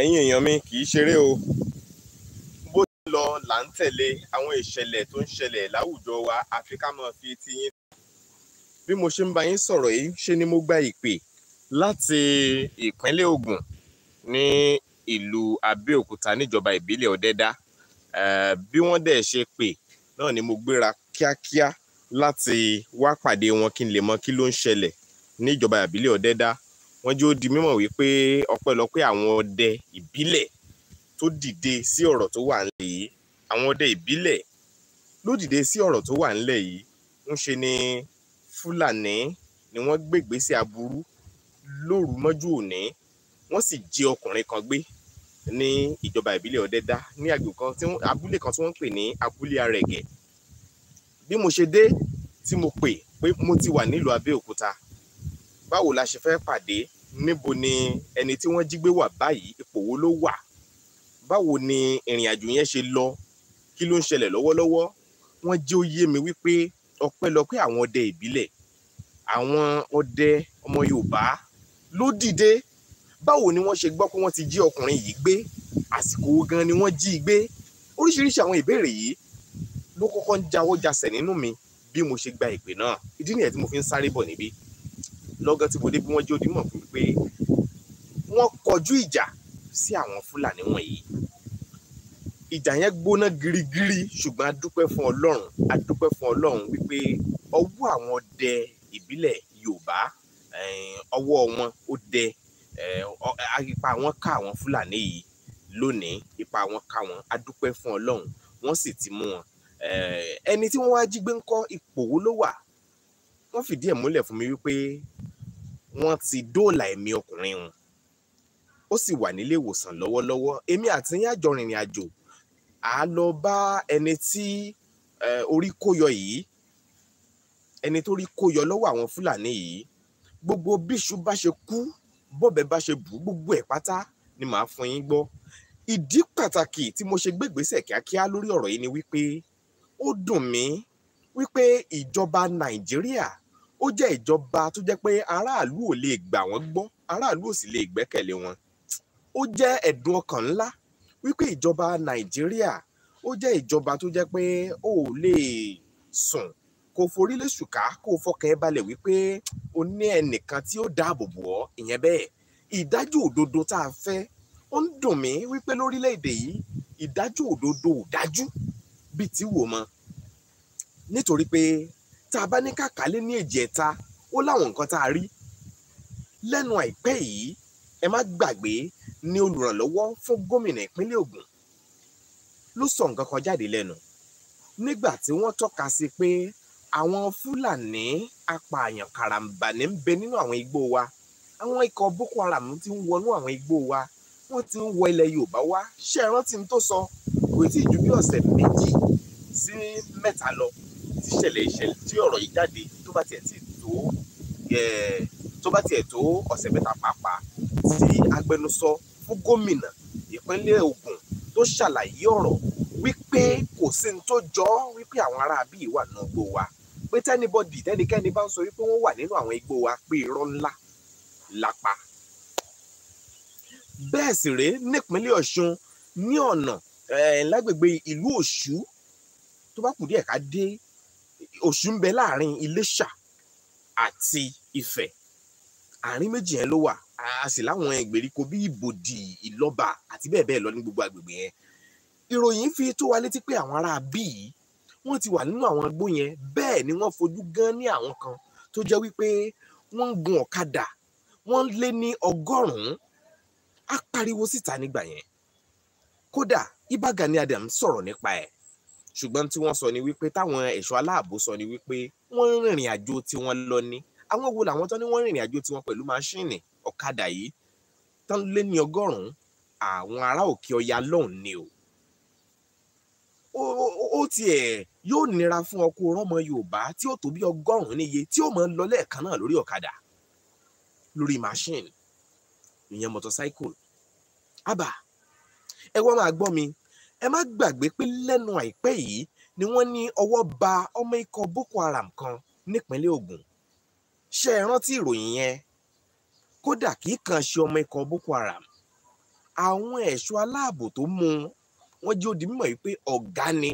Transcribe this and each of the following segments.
ẹ̀yin èèyàn mi kì í ṣeré o bó ti lọ là ń tẹ̀lé àwọn ìṣẹ̀lẹ̀ tó ń ṣẹlẹ̀ láwùjọ wa àfi ká máa fi etí yín. bí mo ṣe ń bá yín sọ̀rọ̀ yìí ṣe ni mo gba ìpè láti ìpínlẹ̀ Ògùn ní ìlú Abẹ́òkúta níjọba ìbílẹ̀ Ọ̀dẹ́dá bí wọ́n dẹ̀ ṣe pè náà ni mo gbéra kíákíá láti wá pàdé wọn kí n lè mọ kí ló ń ṣẹlẹ̀ níjọba ìbílẹ̀ Ọ̀dẹ́dá wọ́n jẹ́ ó di mímọ̀ wípé ọpẹ́lọpẹ́ àwọn ọdẹ ìbílẹ̀ tó dìde sí ọ̀rọ̀ tó wà nílẹ̀ yìí àwọn ọdẹ ìbílẹ̀ ló dìde sí ọ̀rọ̀ tó wà nílẹ̀ yìí ń ṣe ni fúlàní ni wọ́n gbégbèsè aburú lóru mọ́jú òní wọ́n sì jí ọkùnrin kan gbé ní ìjọba ìbílẹ̀ ọ̀dẹ́dá ní agbègbè kan tí abúlé kan tí wọ́n ń pè ní abúlé arẹ̀gẹ̀ bí mo ṣe dé tí mo pè pé mo ti wà nílùú abẹ́òkúta báwo la ṣe fẹ́ pàdé níbo ni ẹni tí wọ́n jí gbé wà báyìí ipò wo ló wà báwo ni ìrìn àjò yẹn ṣe lọ kí ló ń ṣẹlẹ̀ lọ́wọ́lọ́wọ́ wọ́n jẹ́ ó yé mi wípé ọpẹ́lọpẹ́ àwọn ọdẹ ìbílẹ̀ àwọn ọdẹ ọmọ Yorùbá ló dìde báwo ni wọ́n ṣe gbọ́ pé wọ́n ti jí ọkùnrin yìí gbé àsìkò gan ni wọ́n jí i gbé oríṣiríṣi àwọn ìbéèrè yìí ló kọ́kọ́ ń jáwọ́ jasẹ̀ nínú mi bí mo ṣe gba ìpè náà ìdí nìyẹn tí mo fi ń sáré bọ̀ níbí lọ́gán tí mo dé bí wọ́n jẹ́ onímọ̀ fún mi pé wọ́n kọjú ìjà sí àwọn fúlàní wọ̀nyí ìjà yẹn gbóná girigiri ṣùgbọ́n a dúpẹ́ fún ọlọ́run a dúpẹ́ fún ọlọ́run wípé ọwọ́ àwọn ọdẹ ìbílẹ̀ yorùbá eh, ọwọ́ wọn ó dẹ eh, ipa wọn ká àwọn fúlàní yìí lónìí ipa wọn ká wọn a dúpẹ́ fún ọlọ́run wọ́n sì ti mú wọn eh, ẹni tí wọ́n wá jí gbé ńkọ́ ipò wo ló wà wọ́n fìdí ẹ̀ múlẹ̀ fún mi wípé wọ́n ti dóòlà ẹ̀mí ọkùnrin wọn ó sì wà nílé ìwòsàn lọ́wọ́lọ́wọ́ èmi àti yín àjọ rìnrìn àjò à á lọ bá ẹni tí orí kó yọ yìí ẹni tó rí kó yọ lọ́wọ́ àwọn fúlàní yìí gbogbo bíṣu bá ṣe kú bọ́bẹ̀ bá ṣe bù gbogbo ẹ̀ pátá ni màá fún yín gbọ́ ìdí pàtàkì tí mo ṣe gbégbèsè kíákíá lórí ọ̀rọ̀ yìí ni wípé ó dùn mí wípé ìjọba nàìjíríà ó jẹ́ ìjọba tó jẹ́ pé aráàlú ò lè gbà wọ́n gbọ́ aráàlú ò sì lè gbẹ́kẹ̀lé wọn ó jẹ́ ẹ̀dùn ọkàn ńlá wípé ìjọba nàìjíríà ó jẹ́ ìjọba tó jẹ́ pé ó lè sùn kò forí lé ṣùkà kò fọkàn ẹ balẹ̀ wípé o ní ẹnìkan tí ó dáàbò bò ọ́ ìyẹn bẹ́ẹ̀ ìdájọ́ òdodo tá a fẹ́ ó ń dùn mí wípé lórílẹ̀‐èdè yìí ìdájọ́ òdodo ò dájú bíi ti wò mọ́ nítorí pé tá a bá ní kàkálé ní ìjẹta ó láwọn nǹkan tá a rí lẹ́nu àìpẹ́ yìí ẹ má gbàgbé ní olùrànlọ́wọ́ fún gómìnà ìpínlẹ̀ Ògùn ló sọ nǹkan kan jáde lẹ́nu nígbà tí wọ́n tọ́ka sí pé àwọn Fúlàní apààyàn karambà ní ń bẹ nínú àwọn igbó wa àwọn ikọ̀ Boko Haram ti ń wọnú àwọn igbó wa wọ́n ti ń wọ ilẹ̀ Yorùbá wá ṣé ẹ rántí tó sọ kò tí ì ju bí ọ̀sẹ̀ méjì sí mẹ́ta lọ ti ṣẹlẹ̀ ìṣẹ̀lẹ̀ tí ọ̀rọ̀ yìí jáde tó bá tiẹ̀ ti tó tó bá tiẹ̀ tó ọ̀sẹ̀ mẹ́ta pàápàá tí agbẹnusọ fún gómìnà ìpínlẹ̀ Ògùn tó ṣàlàyé ọ̀rọ̀ wípé kò sí ní tó jọ wípé àwọn ará bíi wà nínú igbó wa pé tẹ́nibọ́dì tẹ́nikẹ́ni bá ń sọ wípé wọ́n wà nínú àwọn igbó wa pé irọ́ ńlá lápá bẹ́ẹ̀ sì rèé nípínlẹ̀ Ọ̀ṣun ní ọ̀nà lágbègbè ìlú Ọ̀ṣù tó bá kù díẹ̀ ká dé òṣì ń bẹ láàrin Iléṣà àti Ifẹ̀ àárín méjì yẹn ló wà a sì láwọn ìgbèríko bí Ìbòdì Ìlọ́ba àti bẹ́ẹ̀ bẹ́ẹ̀ lọ ní gbogbo àgbègbè yẹn ìròyìn fi tó wa létí pé àwọn ará bíi wọ́n ti wà nínú àwọn agbó yẹn bẹ́ẹ̀ ni wọ́n fojú gan ní àwọn kan tó jẹ́ wípé wọ́n ń gun ọ̀kadà wọ́n lé ní ọgọ́rùn-ún á pariwo síta nígbà yẹn kódà Ìbà Gani Adams sọ̀rọ̀ nípa ẹ̀ ṣùgbọ́n tí wọ́n sọ ni wípé táwọn ẹ̀ṣọ́ aláàbò sọ ni wípé wọ́n rìnrìn àjò tí wọ́n lọ ní àwọn wo làwọn tó ní wọ́n rìnrìn àjò tí wọ́n pẹ̀lú máṣíìnì ọ̀kadà yìí tán lé ní ọgọ́rùn-ún àwọn ará òkè ọya lọ́hùn ni o ó tiẹ̀ yóò nira fún ọkọ rọ́mọ Yorùbá tí ó tó bí ọgọ́rùn-ún níye tí ó máa ń lọ lẹ́ẹ̀kan náà lórí ọ̀kadà lórí máṣíìnì ìyẹn motorcycle àbá ẹ wọ́n máa gbọ́ mi ẹ má gbàgbé pé lẹ́nu àìpẹ́ yìí ni wọ́n ní ọwọ́ ba ọmọ ikọ̀ Boko Haram kan nípínlẹ̀ Ògùn ṣe é rántí ìròyìn yẹn kódà kì í kàn ṣe ọmọ ikọ̀ Boko Haram àwọn ẹ̀ṣọ́ aláàbò tó mú un jẹ́ ó di yìí pé ọ̀gá ni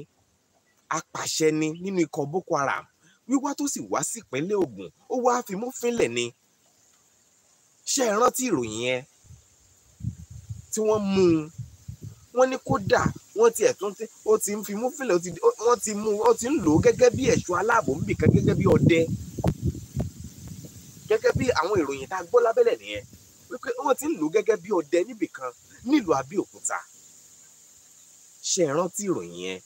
apàṣẹ ni nínú ikọ̀ Boko Haram wíwá tó sì wá sí ìpínlẹ̀ Ògùn ó wá fimú fínlẹ̀ ni ṣe é rántí ìròyìn yẹn tí wọ́n mú un wọ́n ní kódà wọ́n ti ẹ̀tún tí ó ti ń fi mú fìlà wọ́n ti mú ó ti ń lò ó gẹ́gẹ́ bí ẹ̀ṣọ́ aláàbò ń bì kan gẹ́gẹ́ bí ọdẹ gẹ́gẹ́ bí àwọn ìròyìn tá a gbọ́ lábẹ́lẹ̀ nìyẹn wípé wọ́n ti ń lò ó gẹ́gẹ́ bí ọdẹ níbì kan nílùú Abẹ́òkúta ṣe ìrántí ìròyìn yẹn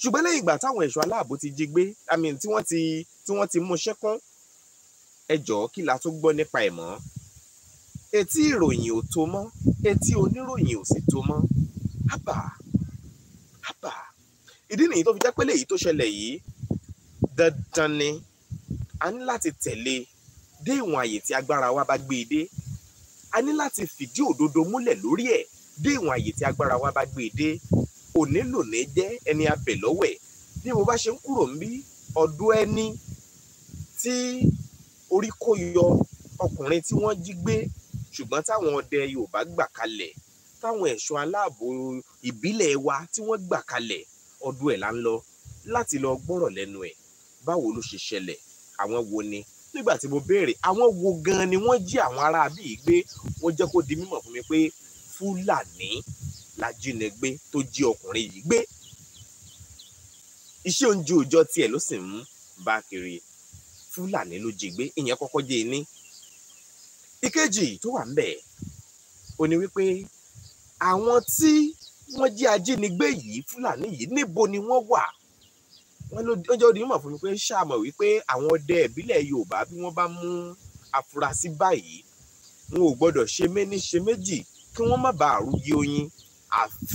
ṣùgbọ́n lẹ́yìn ìgbà táwọn ẹ̀ṣọ́ aláàbò ti jí gbé àmì tí wọ́n ti tí wọ́n ti mú ṣẹ́kún ẹ jọ̀ọ́ kí la tó gbọ́ nípa ẹ̀ mọ́ etí ìròyìn ò tó mọ́ etí oníròyìn ò sì tó mọ́ ábà àbá ìdí nìyí tó fi jẹ́ pé léyìí tó ṣẹlẹ̀ yìí dandan ni a ní láti tẹ̀lé e dé ìwọ̀n àyè tí agbára wa bá gbé e dé a ní láti fìdí òdodo múlẹ̀ lórí ẹ̀ dé ìwọ̀n àyè tí agbára wa bá gbé e dé òní lòní jẹ́ ẹni abẹ̀ lọ́wẹ̀ bí mo bá ṣe ń kúrò ń bí ọ̀dọ̀ ẹni tí orí kó yọ ọkùnrin tí wọ́n jí gbé ṣùgbọ́n táwọn ọdẹ Yorùbá gbà kalẹ̀ táwọn ẹ̀ṣọ́ aláàbò ìbílẹ̀ wa tí wọ́n gbà kalẹ̀ ọdún ẹ̀ là ń lọ láti lọ gbọ́rọ̀ lẹ́nu ẹ̀ báwo ló ṣe ṣẹlẹ̀ àwọn wo ni nígbà tí mo béèrè àwọn wo gan ni wọ́n jí àwọn ará bíi gbé wọ́n jẹ́ kó di mímọ̀ fún mi pé fúlàní lajínigbé tó jí ọkùnrin yìí gbé iṣẹ́ oúnjẹ òòjọ́ tiẹ̀ ló sì ń bá kiri fúlàní ló jí gbé ìyẹn kọ́kọ́ jẹ́ iní ìkejì tó wà ń bẹ̀ ó ní wípé àwọn tí wọ́n jẹ́ ajínigbé yìí fúlàní yìí níbo ni wọ́n wà wọ́n lọ́jọ́ onímọ̀ fún mi pé ṣàmọ̀ wípé àwọn ọdẹ ìbílẹ̀ yorùbá bí wọ́n bá mú afurasí báyìí wọn ò gbọ́dọ̀ ṣe méní ṣe méjì kí wọ́n má bàa rúgi oyin àfi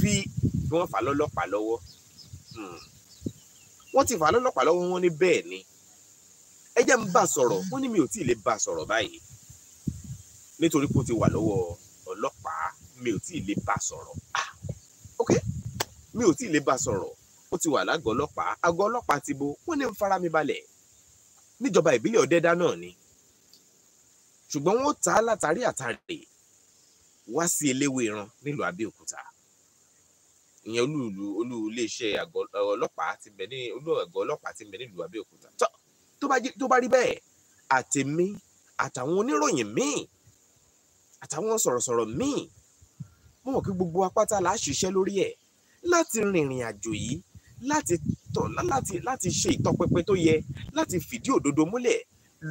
bí wọ́n fà hmm. lọ́lọ́pàá lọ́wọ́ wọ́n ti fà lọ́lọ́pàá lọ́wọ́ wọn ní bẹ́ẹ̀ ni ẹ jẹ́ ń bá sọ̀rọ̀ wọ́n ní mi ò tí ì lè bá sọ̀rọ̀ báyìí nítorí pé ti wà lọ́wọ́ ọlọ́pàá mi ò tí ì lè bá sọ̀rọ̀ ah ok mi ò tí ì lè bá sọ̀rọ̀ ó ti wà lágọ̀ọ́ ọlọ́pàá àgọ́ ọlọ́pàá ti bo wọ́n ní ń fara mi balẹ̀ níjọba ìbílẹ̀ ọ̀dẹ́dá náà ni ṣùgbọ́n wọ́n ta á látàrí àtàrí wá sí Eléwéran nílùú Abẹ́òkúta ìyẹn olúùlú olú iléeṣẹ́ àgọ́ ọlọ́pàá ti bẹ̀ ní olú àgọ́ ọlọ́pàá ti bẹ̀ nílùú Abẹ́òkúta tó bá rí bẹ́ẹ̀ àtèmi àtàwọn oníròyìn míì àtàwọn sọ̀rọ̀sọ̀rọ̀ míì mo mọ̀ pé gbogbo apáta là á ṣiṣẹ́ lórí ẹ̀ láti rìnrìn àjò yìí láti tọ̀ láti láti ṣe ìtọpẹpẹ tó yẹ láti fìdí òdodo múlẹ̀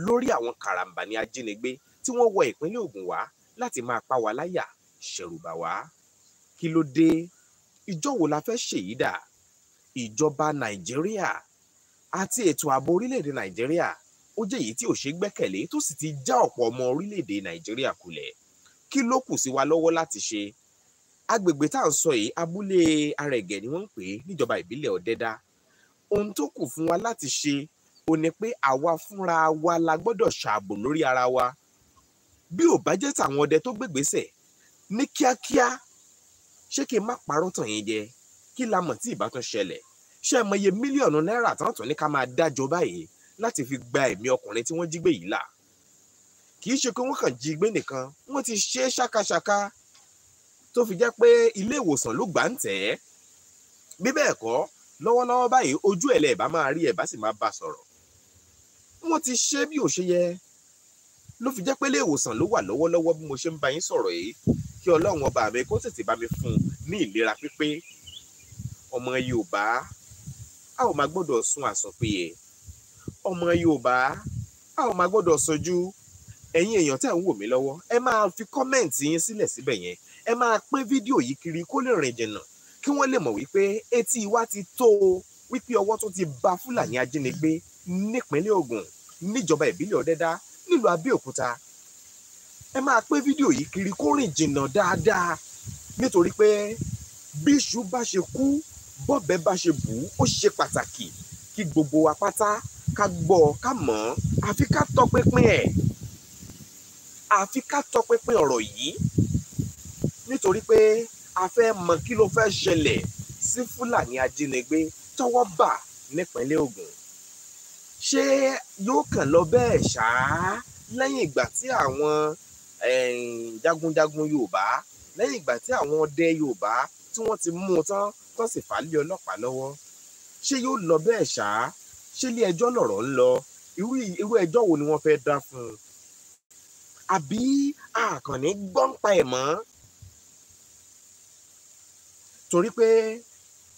lórí àwọn karambani ajínigbé tí wọ́n wọ ìpínlẹ̀ Ògùn wá láti máa pa wá láyà ṣẹ̀rùbà wá kí ló dé ìjọ wo la fẹ́ ṣèyí dà ìjọba Nàìjíríà àti ètò ààbò orílẹ̀-èdè Nàìjíríà ó jẹ́ èyí tí ò ṣe gbẹ́kẹ̀lé tó sì ti já ọ̀pọ̀ ọmọ orílẹ̀-èdè Nàìjíríà kulẹ̀ kí ló kù sí wa lọ́wọ́ láti ṣe agbègbè tá à ń sọ yìí abúlé arẹ̀gẹ̀ ni wọ́n ń pè é níjọba ìbílẹ̀ ọ̀dẹ́dá ohun tó kù fún wa láti ṣe ò ní pé àwa fúnra wa la gbọ́dọ̀ ṣààbò lórí ara wa bí ò bá jẹ́ tàwọn ọdẹ tó gbégbèsè ní kíákíá ṣé kí n má parọ́ tàn yín jẹ kí la mọ̀ tí ìbátan ṣẹlẹ̀ ṣé ẹ mọye mílíọ̀nù náírà tán tún ní ká máa dájọ́ báyìí láti fi gba ẹ̀mí ọkùnrin tí wọ́n jí gbé yìí là kì í ṣe pé wọ́n kàn jí gbé nìkan wọ́n ti ṣe é tó fi jẹ́ pé ilé ìwòsàn ló gbà ń tẹ̀ ẹ́ bí bẹ́ẹ̀ kọ́ lọ́wọ́lọ́wọ́ báyìí ojú ẹ̀lẹ́ ẹ̀bá máa rí ẹ̀bá sì máa bá sọ̀rọ̀ wọ́n ti ṣe bí ò ṣe yẹ ló fi jẹ́ pé ilé ìwòsàn ló wà lọ́wọ́lọ́wọ́ bí mo ṣe ń bá yín sọ̀rọ̀ yìí kí ọlọ́run ọba mi kó tètè bá mi fún un ní ìlera pípé ọmọ yorùbá a ò máa gbọ́dọ̀ sun àsọpìyẹ ọmọ yorùbá a ò máa gbọ́dọ̀ sojú ẹ̀yin èèyàn tẹ̀ ń wò mí lọ́wọ́ ẹ máa fi kọ́mẹ̀ǹtì yín sílẹ̀ síbẹ̀ yẹn ẹ máa pín fídíò yìí kiri kó lè rìn jìnnà kí wọ́n lè mọ̀ wípé etí wa ti tó o wípé ọwọ́ tó ti ba fúlàní ajínigbé nípínlẹ̀ Ògùn níjọba ìbílẹ̀ ọ̀dẹ́dá nílùú Abẹ́òkúta ẹ máa pín fídíò yìí kiri kó rìn jìnnà dáadáa nítorí pé bí iṣu bá ṣe kú bọ́ọ̀bẹ bá ṣe bù ú ó ṣe pàtàkì kí gbogbo wa pátá ká gbọ́ ká mọ̀ àfi ká tọpinpin ẹ̀ àfi ká tọpinpin ọ̀rọ̀ yìí nítorí pé a fẹ́ mọ kí ló fẹ́ ṣẹlẹ̀ sí fúlàní ajínigbé tọ́wọ́ bà nípínlẹ̀ Ògùn ṣé yóò kàn lọ bẹ́ẹ̀ ṣáá lẹ́yìn ìgbà tí àwọn jagunjagun Yorùbá lẹ́yìn ìgbà tí àwọn ọdẹ Yorùbá tí wọ́n ti mú un tán tó sì fà á lé ọlọ́pàá lọ́wọ́ ṣé yóò lọ bẹ́ẹ̀ ṣáá ṣé ilé ẹjọ́ lọ̀rọ̀ ń lọ irú ẹjọ́ wo ni wọ́n fẹ́ dá fún un àbí àkànní gbọ́ǹpa ẹ̀ mọ́ torí pé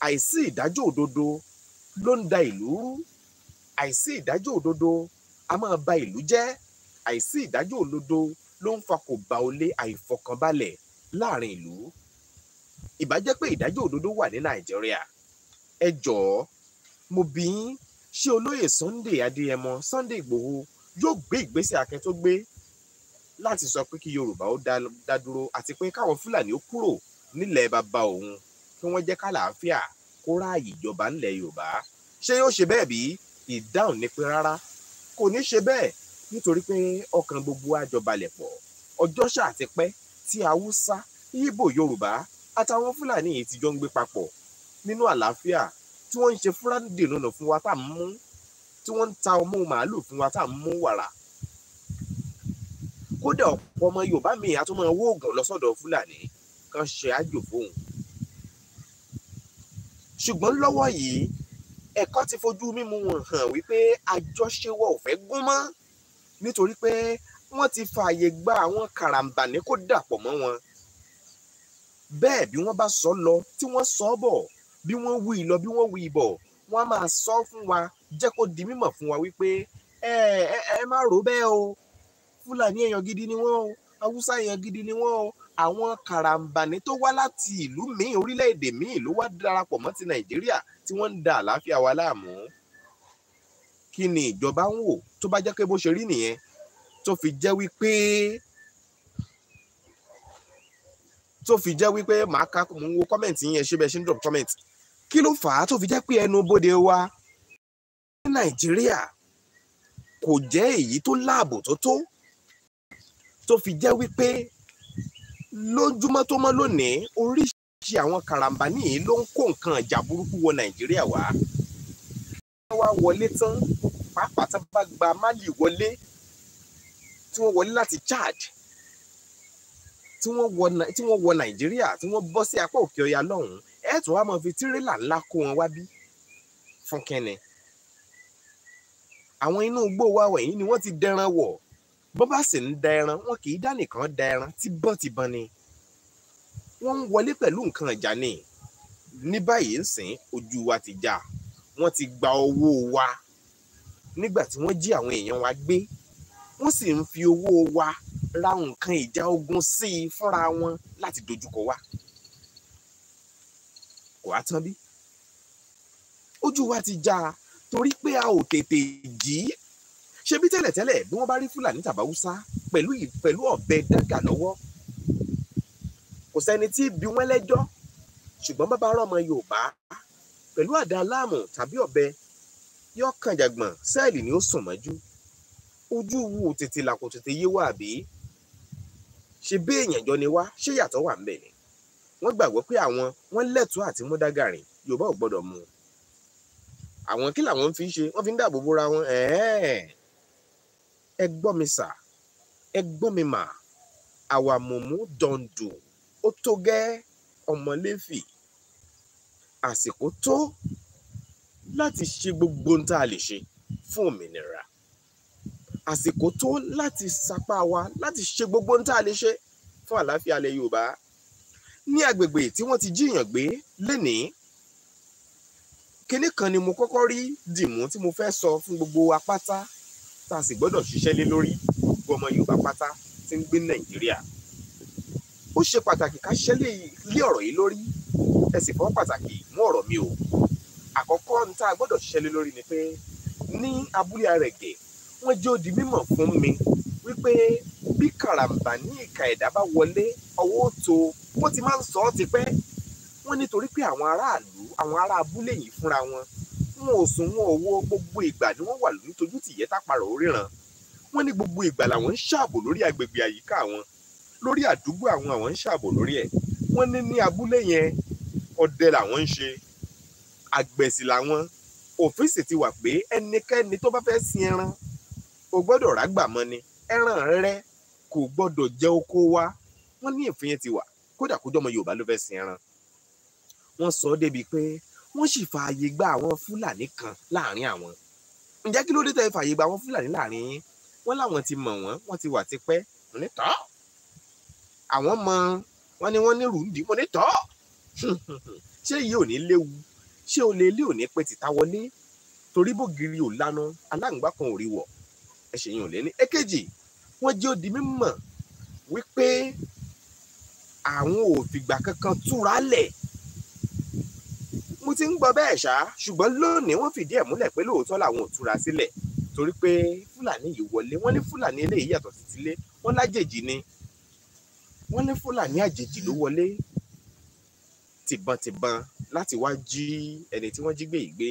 àìsí ìdájọ́ òdodo ló ń da ìlú rú àìsí ìdájọ́ òdodo a máa ba ìlú jẹ́ àìsí ìdájọ́ òdodo ló ń fa kò bá o lé àìfọkànbalẹ̀ láàrin ìlú ìbá jẹ́ pé ìdájọ́ òdodo wà ní nàìjíríà ẹ jọ̀ọ́ mo bi yín ṣé olóyè Sunday Adéyẹmọ Sunday Ìgbòho yóò gbé ìgbésẹ̀ akẹ́ tó gbé láti sọ pé kí Yorùbá ó dá dúró àti pé káwọn Fúlàní ó kúrò nílẹ̀ bàbá òun kí wọ́n jẹ́ kálàáfíà kó ráàyè ìjọba ńlẹ̀ yorùbá ṣé yóò ṣe bẹ́ẹ̀ bí ìdáhùn ni pé rárá kò ní ṣe bẹ́ẹ̀ nítorí pé ọkàn gbogbo àjọbalẹ̀ pọ̀ ọjọ́ ṣáà ti pẹ́ tí haúsá ìgbò yorùbá àtàwọn fúlàní yìí ti jọ ń gbé papọ̀ nínú àlàáfíà tí wọ́n ń ṣe fúrádìdì nùnà fún wa tá à ń mú tí wọ́n ń ta ọmọ màálù fún wa tá à ń mú wàrà kódà ọ̀pọ̀ ọmọ yorùbá mi àtúmọ̀ owó oògùn lọ́sọ̀dọ̀ fúlàní kan ṣe àjò fóun ṣùgbọ́n lọ́wọ́ yìí ẹ̀kọ́ ti fojú mímu wọn hàn wípé àjọṣewọ̀ ò fẹ́ gún mọ́ nítorí pé wọ́n ti fààyè gba àwọn kàràǹbàní kó dàpọ̀ mọ́ wọn. bẹ́ẹ̀ bí wọ́n bá sọ lọ tí wọ́n sọ bọ̀ bí wọ́n wí lọ bí wọ́n wí bọ̀ wọ́n á máa sọ fún wa jẹ́ kó di mímọ̀ fún wa wípé ẹ ẹ má rò bẹ́ẹ̀ o fúlàní èèyàn gidi ni wọ́n o haúsá èèyàn gidi ni wọ́n o àwọn karambani tó wá láti ìlú míì orílẹ̀-èdè míì ló wá darapọ̀ mọ́ ti nàìjíríà tí wọ́n ń da àlàáfíà wa láàmú kí ni ìjọba ń wò tó bá jẹ́ pé bó ṣe rí nìyẹn tó fi jẹ́ wípé tó fi jẹ́ wípé màá ka mò ń wo kọ́mẹ̀ntì yẹn ṣe bẹ́ẹ̀ ṣe ń drop kọ́mẹ̀ntì kí ló fà á tó fi jẹ́ pé ẹnu bodè wa ní nàìjíríà kò jẹ́ èyí tó láàbò tó tó tó fi jẹ́ wípé lójúmọ́ tó mọ́ lónìí oríṣiríṣi àwọn karambání yìí ló ń kó nǹkan ìjà burúkú wọ nàìjíríà wá. wọ́n wá wọlé tán pàápàá tán bá gba mali wọlé tí wọ́n wọlé láti Chad tí wọ́n wọ nàìjíríà tí wọ́n bọ́ sí apá òkè ọya lọ́hùn-ún ẹ̀ tún máa fi tírélà ńlá kó wọn wá bí fún àwọn inú igbó wa wọ̀nyí ni wọ́n ti dẹran wọ̀ bó bá sì ń da ẹran wọn kì í dá nìkan da ẹran tíbọ̀tìbọn ni wọ́n ń wọlé pẹ̀lú nǹkan ìjà ni ní báyìí ń sìn ojú wa ti já wọ́n ti gba owó wa nígbà tí wọ́n jí àwọn èèyàn wa gbé wọ́n sì ń fi owó wa ra nǹkan ìjà ogun sí i fúnra wọn láti dojúkọ wa kò á tán bí ojú wa ti já torí pé a ò tètè jí ṣebí tẹ́lẹ̀tẹ́lẹ̀ bí wọ́n bá rí fúlàní tàbáwúsá pẹ̀lú pẹ̀lú ọ̀bẹ dágà lọ́wọ́ kò sẹ́ni tí bí wọ́n lẹ́jọ́ ṣùgbọ́n bàbá ọmọ yorùbá pẹ̀lú àdá aláàmù tàbí ọ̀bẹ yóò kàn jàgbọ̀n sẹ́ẹ̀lì ni ó sùn mọ́jú ojú wu tètè làkò tètè yé wá àbí ṣe bí èèyàn jọ ni wá ṣé yàtọ̀ wà ń bẹ̀ ni wọ́n gbàgbọ́ pé àwọn wọ́n lẹ́tọ̀ọ́ àti mú rìn yorùbá ò gbọ́dọ̀ mú àwọn kí làwọn fi ń ṣe wọ́n fi ń dáàbò bóra wọn ẹ̀ẹ́ ẹ gbọ́ mi sà ẹ gbọ́ mi mà àwa mùmú dọ̀ǹdù ó tó gẹ́ ọmọléfì àsìkò tó láti ṣe gbogbo ohun tá a lè ṣe fún òmìnira àsìkò tó láti sapá wa láti ṣe gbogbo ohun tá a lè ṣe fún àlàáfíà ilẹ̀ Yorùbá ní agbègbè tí wọ́n ti jíyàn gbé lénìí kinní kan ni mo kọ́kọ́ rí dìmú tí mo fẹ́ sọ fún gbogbo wa tá a sì gbọ́dọ̀ ṣiṣẹ́ lé lórí gbogbo ọmọ Yorùbá pátá tí ń gbé Nàìjíríà ó ṣe pàtàkì ká ṣiṣẹ́ lé ọ̀rọ̀ yìí lórí ẹ sì fọwọ́ pàtàkì mú ọ̀rọ̀ mi o àkọ́kọ́ ní tá a gbọ́dọ̀ ṣiṣẹ́ lé lórí ni pé ní abúlé Arẹ̀gẹ̀ wọ́n jẹ́ ó mímọ̀ fún mi wípé bí kàràmbà ní ìka ẹ̀dá bá wọlé ọwọ́ tó wọ́n ti máa ń sọ ọ́ tipẹ́ wọ́n nítorí pé àwọn aráàlú àwọn ará abúlé yìí fúnra wọn wọn ò sùn wọn ò wo gbogbo ìgbà ni wọ́n wà nítojú tìyẹ́ tápàrọ̀ oríran wọ́n ní gbogbo ìgbà làwọn ń ṣààbò lórí agbègbè àyíká àwọn lórí àdúgbò àwọn àwọn ń ṣààbò lórí ẹ̀ wọ́n ní ní abúlé yẹn ọdẹ làwọn ń ṣe àgbẹ̀sì làwọn òfin sì ti wà pé ẹnikẹ́ni tó bá fẹ́ sin ẹran o gbọ́dọ̀ rágbà mọ́ ni ẹran rẹ kò gbọ́dọ̀ jẹ́ oko wa wọ́n ní ìfìyẹn ti wà kódà kó jọmọ Yorùbá ló fẹ́ sin ẹran wọ́n sọ ọ́ débi pé wọ́n sì fààyè gba àwọn fúlàní kan láàrin àwọn ǹjẹ́ kí ló dé tẹ́ fààyè gba àwọn fúlàní láàrin yín wọ́n láwọn ti mọ̀ wọ́n wọ́n ti wà tipẹ́ mo àwọn mọ wọ́n ní wọ́n ní rùndí mo ṣé iye ò ní léwu ṣé o lè ilé ò ní tìta wọlé torí bògiri ò lanu aláǹgbá kan ò rí wọ̀ ẹ ṣèyàn ò lé ní èkejì wọ́n jẹ́ ó di wípé àwọn ò fìgbà kankan túra lẹ̀ ti ń gbọ́ bẹ́ẹ̀ ṣá ṣùgbọ́n lónìí wọ́n fìdí ẹ̀ múlẹ̀ pé lóòótọ́ làwọn ò túra sílẹ̀ torí pé fúlàní yìí wọlé wọ́n ní fúlàní eléyìí yàtọ̀ sí tilé wọ́n lájèjì ni wọ́n ní fúlàní àjèjì ló wọlé tìbọntìbọn láti wá jí ẹni tí wọ́n jí gbé yìí gbé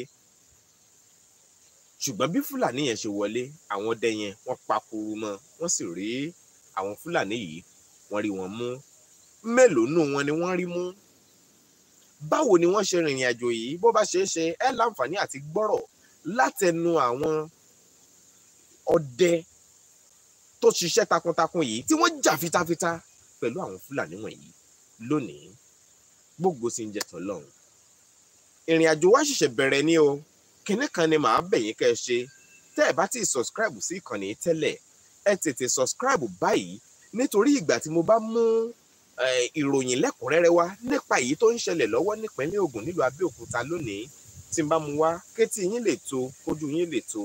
ṣùgbọ́n bí fúlàní yẹn ṣe wọlé àwọn ọdẹ yẹn wọ́n pakuru mọ́ wọ́n sì rí àwọn fúlàní yìí wọ́n rí wọn mú mélòó nù wọn ni wọ́n rí mú báwo ni wọ́n ṣe rìnrìn àjò yìí bó bá ṣeé ṣe ẹ láǹfààní àti gbọ́rọ̀ látẹnu àwọn ọdẹ tó ṣiṣẹ́ takuntakun yìí tí wọ́n jà fitafita pẹ̀lú àwọn Fúlàní wọ̀nyí lónìí gbogbo sì ń jẹ tán lọ́hùn. ìrìn àjò wa ṣẹ̀ṣẹ̀ bẹ̀rẹ̀ ni o kinní kan ni màá bẹ̀ yín ẹ ṣe tẹ́ ẹ bá ti subscribe sí ìkànnì tẹ́lẹ̀ ẹ tètè subscribe báyìí nítorí ìgbà tí mo bá mú ìròyìn lẹ́kùnrẹ́rẹ́ wá nípa èyí tó ń ṣẹlẹ̀ lọ́wọ́ nípínlẹ̀ Ògùn nílùú Abẹ́òkúta lónìí tí n bá mu wá kétí yín lè to kójú yín lè to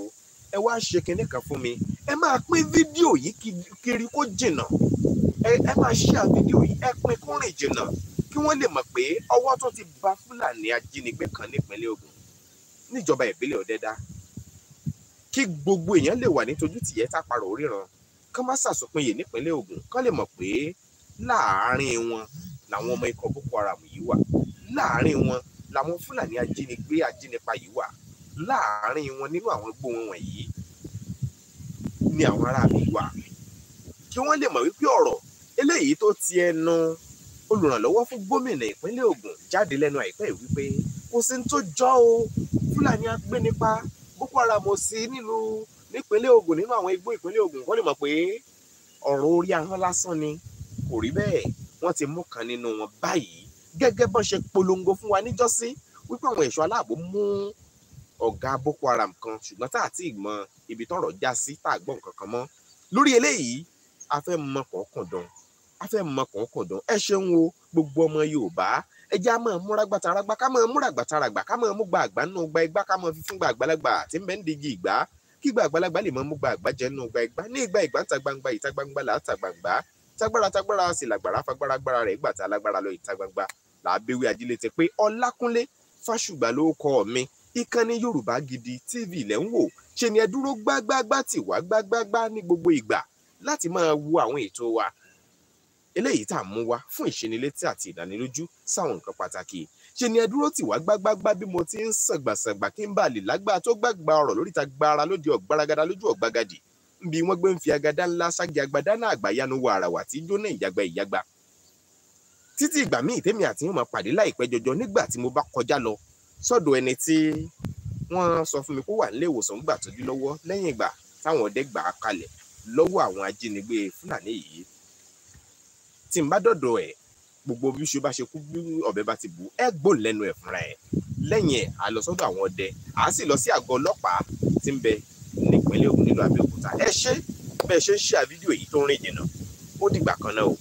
ẹ wá ṣe kinní kan fún mi ẹ máa pín fídíò yìí kiri kó jìnnà ẹ máa ṣíà fídíò yìí ẹ pín kó rìn jìnnà kí wọ́n lè mọ̀ pé ọwọ́ tó ti ba Fúlàní ajínigbé kan nípínlẹ̀ Ògùn níjọba ìbílẹ̀ Ọ̀dẹ́dá kí gbogbo èèyàn lè wà nítojú tìyẹ́ táparò ríran kán má ṣàsùnpín nípínlẹ̀ Ògùn kán lè mọ̀ pé láàárín wọn làwọn ọmọ ikọ̀ boko haram yìí wà láàárín wọn làwọn fúlàní ajínigbé ajínipa yìí wà láàárín wọn nínú àwọn igbó wọn wọ̀nyí ni àwọn ará mi wà kí wọ́n lè mọ̀ wípé ọ̀rọ̀ eléyìí tó ti ẹnu olùrànlọ́wọ́ fún gómìnà ìpínlẹ̀ Ògùn jáde lẹ́nu àìpẹ́ wípé kò sí tó jọ o fúlàní agbénipa boko haram sí nílùú nípínlẹ̀ Ògùn nínú àwọn igbó ìpínlẹ̀ Ògùn wọ́n lè mọ̀ pé ọ̀rọ̀ orí ahọ́n lásán ni kò rí bẹ́ẹ̀ wọ́n ti mú kan nínú wọn báyìí gẹ́gẹ́ bọ́n ṣe polongo fún wa níjọ́sí wípé àwọn ẹ̀ṣọ́ aláàbò mú ọ̀gá Boko Haram kan ṣùgbọ́n tá àti ìmọ̀ ibi tọ́rọ̀ já sí tá a gbọ́ nǹkan kan mọ́ lórí eléyìí a fẹ́ mọ kọ̀ọ̀kan dán a fẹ́ mọ kọ̀ọ̀kan dán ẹ ṣeun o gbogbo ọmọ Yorùbá ẹ a máa múra gbàtàràgbà ká máa múra gbàtàràgbà ká máa mú gba àgbà nínú gba igbá ká máa fi fún gba àgbàlagbà tí ń ń digi ìgbà kí gba àgbàlagbà lè máa mú gba àgbà jẹ nínú gba igbá ní ìgbà ìgbà ń ta gbangba ìta gbangba là ta gbangba tágbára tágbára sì làgbára fagbára gbára rẹ̀ ìgbà tá a lágbára lọ ìta gbangba làbẹ́wé ajílété pé ọlákúnlé fásùgbà ló kọ mi ìkànnì yorùbá gidi tv lẹ́ ń wò ṣe ni ẹ dúró gbágbágbá tì wá gbágbágbá ní gbogbo ìgbà láti máa wo àwọn ètò wa eléyìí tá a mú wá fún ìṣenilétí àti ìdánilójú sáwọn nǹkan pàtàkì ṣe ni ẹ dúró tì wá gbágbágbá bí mo ti ń sàgbàsàgbà kí n bá lè lágbára tó gbàgbà ọ̀rọ̀ lóríta gbára lóde ọ̀gbaragada lójú ọ̀gbagadì níbi wọ́n gbé ń fi agada ńlá ságì agbada náà àgbàyanu wọ àràwà tí jóná ìyàgbá ìyàgbá títí ìgbà míì tèmi àti yín máa pàdé láìpẹ́ jọjọ nígbà tí mo bá kọjá lọ sọ́dọ̀ ẹni tí wọ́n sọ fún mi kó wà nílé ìwòsàn gbà tọ́jú lọ́wọ́ lẹ́yìn ìgbà táwọn ọdẹ gbà á kalẹ̀ lọ́wọ́ àwọn ajínigbé fúlàní yìí tí n bá dọ̀dọ̀ ẹ̀ gbogbo bí ṣe bá ṣe kú bí ọ̀bẹ bá ti bù ẹ gbòòn lẹ́nu ẹ̀ fúnra ẹ̀ lẹ́yìn ẹ̀ a àwọn ọdẹ à sì lọ sí àgọ́ ọlọ́pàá tí ń bẹ ní ìpínlẹ̀ Ògùn nílùú Abẹ́òkúta ẹ ṣé bẹ́ẹ̀ ṣe ń ṣe àfídíò èyí tó ń rìn jìnnà ó dìgbà kan náà o.